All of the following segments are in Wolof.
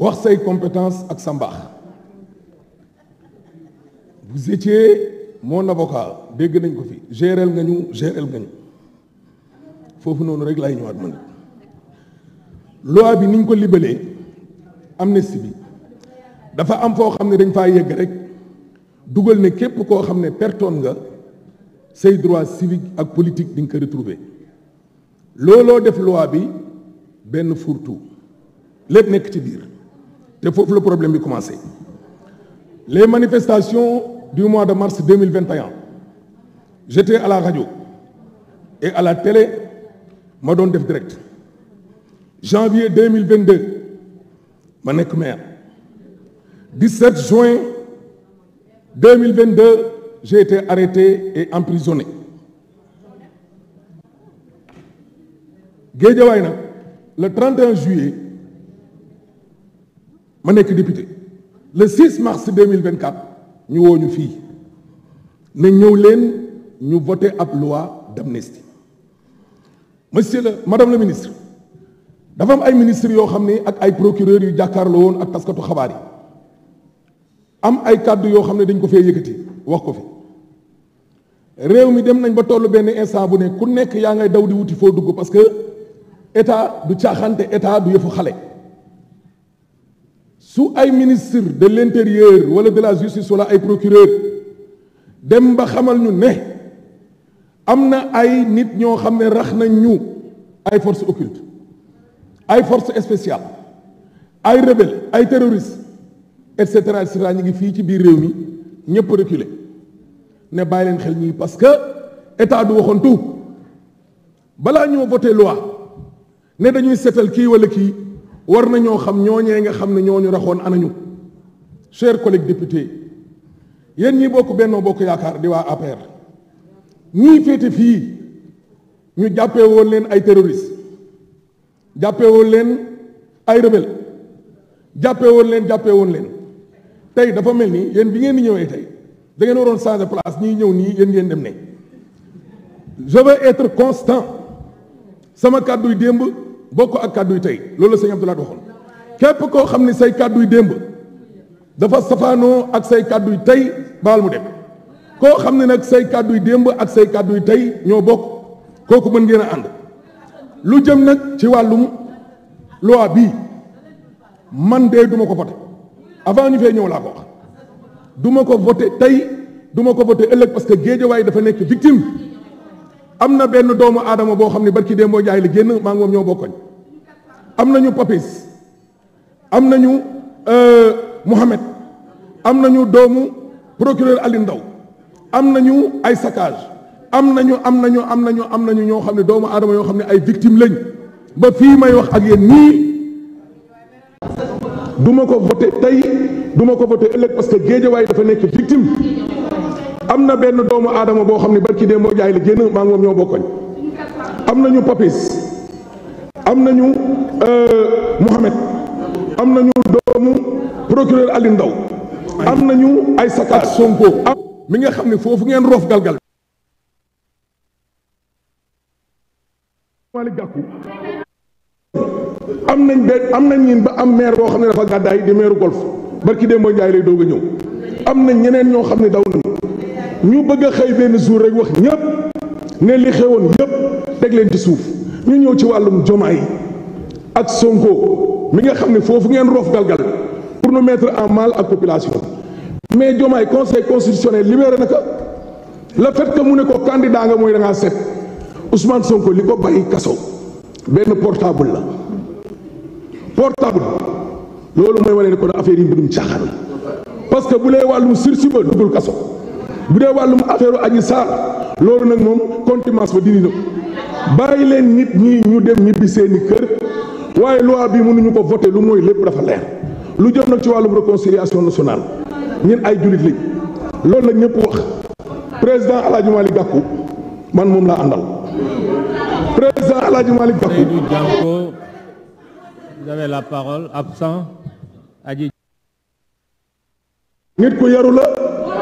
wax say compétence ak sa mbaax vous étiez mon avocat dégg nañ ko fi gérel nga ñu gérel nga ñu foofu noonu rek laay ñëwaat man loi bi niñ ko libalee am amnistie bi dafa am foo xam ne dañ faa yegg rek dugal ne képp koo xam ne pertoon nga say droits civiques ak politique di nga ko retrouver looloo def loi bi benn fourre lépp nekk ci biir te foofu la problème bi commencé les manifestations du mois de mars 2021 j'étais à la rajo et à la télé ma doon def direct janvier 2022 ma nekk maire 17 juin 2022 j'ai été arrêté et emprisonné Guédiawaye na le 31 juillet ma nekk député le 6 mars 2024 ñu woo ñu fii ne ñëw leen ñu voté ab loi d'amnistie monsieur la madame la ministre dafa am ay ministres yoo xam ne ak ay procureurs yu jàkkaarloo woon ak taskatu xabaar yi am ay kàddu yoo xam ne dañ ko fee yëkkati wax ko fi réew mi dem nañ ba tollu benn instant bu ne ku nekk yaa ngay daw di wuti foo dugg parce que état du caaxante état du yëfu xale. su ay ministre de l'intérieur wala de la justice wala ay procureur dem ba xamal ñu ne am na ay nit ñoo xam ne rax nañ ñu ay forces occultes ay forces spéciales ay rebelles ay terroristes et cetera et ñu ngi fii ci biir réew mi ñëpp reculer ne bàyyi leen xel ñii parce que état du waxoon tout balaa ñoo voté loi ne dañuy seetal kii wala kii. war nañoo xam ñooñee nga xam ne ñooñu raxoon anañu chers collègues députés yéen ñi bokk Benno Bokk Yaakaar di waa APR ñii féete fii ñu jàppee woon leen ay terroristes jàppee woon leen ay rebelle jàppee woon leen jàppee woon leen tey dafa mel ni yéen bi ngeen di ñëwee tey da ngeen waroon changer place ñii ñëw nii yéen ngeen dem ne je être constant sama kàdduy démb bokk ak kàddu yi tey loolu la sëñ Abdoulaye waxoon képp koo xam ne say kàddu yi démb dafa safaanoo ak say kàddu yi tey baal mu dem koo xam ne nag say kàddu yi démb ak say kàddu yi tey ñoo bokk kooku mën ngeen a ànd lu jëm nag ci wàllum loi bii man de duma ko voté avant ñu fee ñëw laa ko wax duma ko voté tey duma ko voté ëllëg parce que Guédiawaye dafa nekk victime am na benn doomu aadama boo xam ne barki démboo njaay la génn maa ngi moom ñoo bokkoñ am nañu papis am nañu euh, Mohamed am nañu doomu procureur Alioune Ndao am ñu ay saccage am na ñu am na ñu am nañu am nañu ñoo xam ne doomu aadama yoo xam ne ay victime lañ ba fii may wax ak yéen nii duma ko voté tey duma ko voté ëllëg parce que Guédiawaye dafa nekk victime am na benn doomu aadama boo xam ne barki dee moo jaay la génn maa moom ñoo bokkoñ am nañu papis am nañu euh, Mouhamed am nañu doomu procureur Aliou Ndao am nañu ay sakaar Sonko am mi nga xam ne foofu ngeen roof galgal Malick Gakou am nañ benn am nañ ñin ba am maire boo xam ne dafa gàddaay di maire golf barki dee moo jaay lay doog a ñëw xam ne daw na ñu bëgg a xëy benn jour rek wax ñëpp ne li xewoon yëpp teg leen ci suuf ñu ñëw ci wàllum jomaay ak Sonko mi nga xam ne foofu ngeen roof galgal pour nous mettre en mal ak population mais jomaay conseil constitutionnel libéré na ko le fait que mu ne ko candidat nga mooy da set Ousmane Sonko li ko bàyyi kaso benn portable la portable loolu mooy wane ne ko affaire yi mbirum caaxaan la parce que bu lee wàllum sursis ba duggul kaso. bu dee wàllum affaire aji saar loolu nag moom contumace ba dindi na bàyyi leen nit ñi ñu dem ñibbi seeni kër waaye loi bi mënuñu ko voté lu mooy lépp dafa lu jëm nag ci wàllum réconciliation national ñun ay jullit lañ loolu nag ñëpp wax président El Hadj man moom laa àndal président El Hadj Malick Gakou. Seydou Dianko vous nit ku yaru la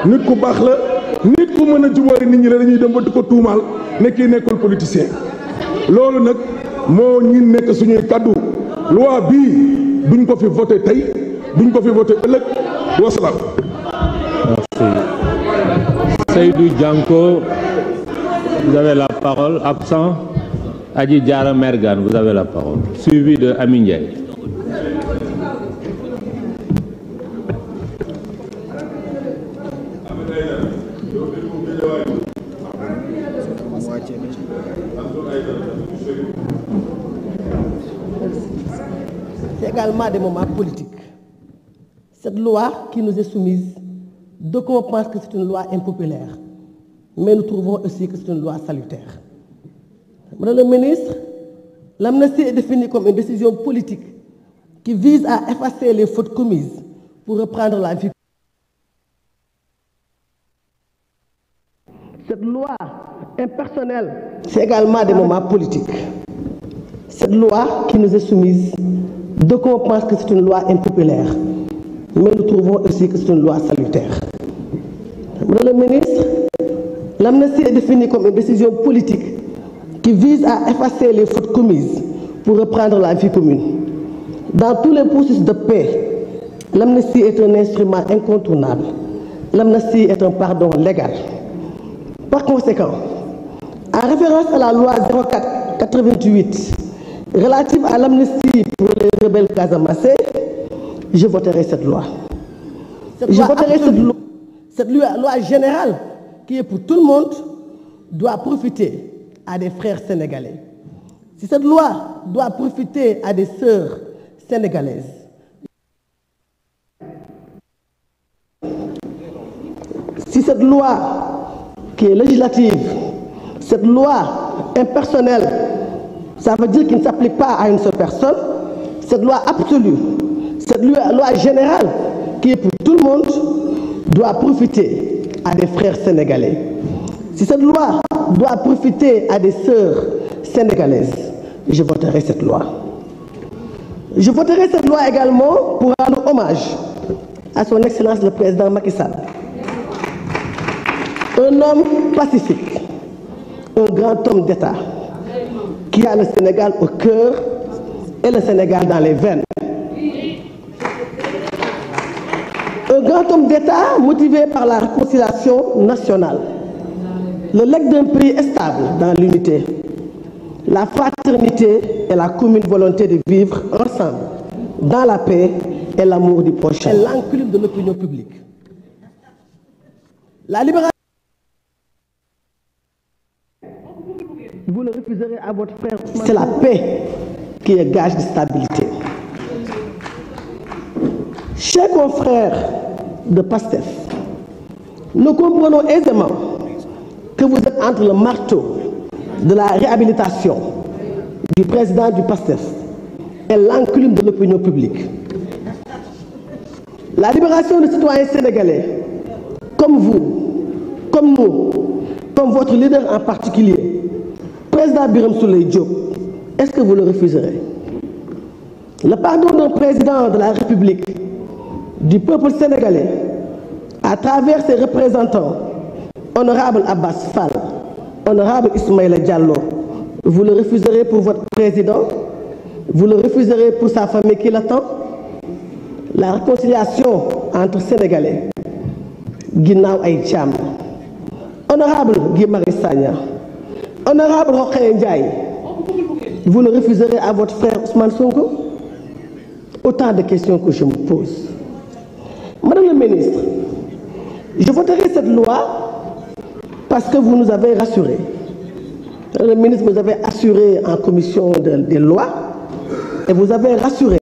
nit ku baax la. nit ku mën a jubóori nit ñi la dañuy dem ba di ko tuumaal ne kii nekkul politicien loolu nag moo ñi nekk suñuy kaddu loi bii duñ ko fi voté tey duñ ko fi voté ëllëg wasalaam. merci Seydou Dianko vous avez la parole absent Adji Diarra Mergane vous avez la parole suivi de Ami également des moments politiques. Cette loi qui nous est soumise, d'aucuns pensent que c'est une loi impopulaire, mais nous trouvons aussi que c'est une loi salutaire. Madame le ministre, l'amnistie est définie comme une décision politique qui vise à effacer les fautes commises pour reprendre la vie. Cette loi impersonnelle, c'est également des moments politiques. Cette loi qui nous est soumise D'aucuns pensent que que c'est une loi salutaire. Madame le ministre, l'amnistie est définie comme politique qui vise à effacer les fautes pour reprendre la vie commune. Dans tous les processus de paix, l'amnistie est un instrument incontournable. L'amnistie est un pardon légal. Par conséquent, en référence à la Relative à l'amnistie pour les rebelles casamassés, je voterai cette loi. Cette je loi voterai cette loi. Cette loi, loi générale qui est pour tout le monde doit profiter à des frères sénégalais. Si cette loi doit profiter à des sœurs sénégalaises, si cette loi qui est législative, cette loi impersonnelle, Ça veut dire qu'il ne s'applique pas à une seule personne. Cette loi absolue, cette loi générale qui est pour tout le monde, doit profiter à des frères sénégalais. Si cette loi doit profiter à des sœurs sénégalaises, je voterai cette loi. également pour rendre hommage à son Excellence le Président Macky Un homme pacifique, un grand homme d'État. qui a le Sénégal au cœur et le Sénégal dans les veines. Un grand homme d'État motivé par la réconciliation nationale. Le legs d'un pays est stable dans l'unité, la fraternité et la commune volonté de vivre ensemble dans la paix et l'amour du prochain. C'est l'enclume de l'opinion publique. Vous le refuserez à votre frère. C'est la paix qui est gage de stabilité. Chers confrères de PASTEF, nous comprenons aisément que vous êtes entre le marteau de la réhabilitation du président du PASTEF et l'enclume de l'opinion publique. La libération des citoyens sénégalais, comme vous, comme votre leader en particulier, président Birame Souleye Diop est-ce que vous le refuserez le pardon d'un président de la République du peuple sénégalais à travers ses représentants honorable Abbas Fall honorable Ismaïla Diallo vous le refuserez pour votre président vous le refuserez pour sa famille qui l'attend la réconciliation entre Sénégalais ginnaaw ay jàmm honorable Guy Marius Honorable Rokhaya Ndiaye, vous le refuserez à votre frère Ousmane Sonko? Autant de questions que je me pose. Madame la ministre, je voterai cette loi parce que vous nous avez rassurés. Le ministre, vous avez assuré en commission de, des lois et vous avez rassuré.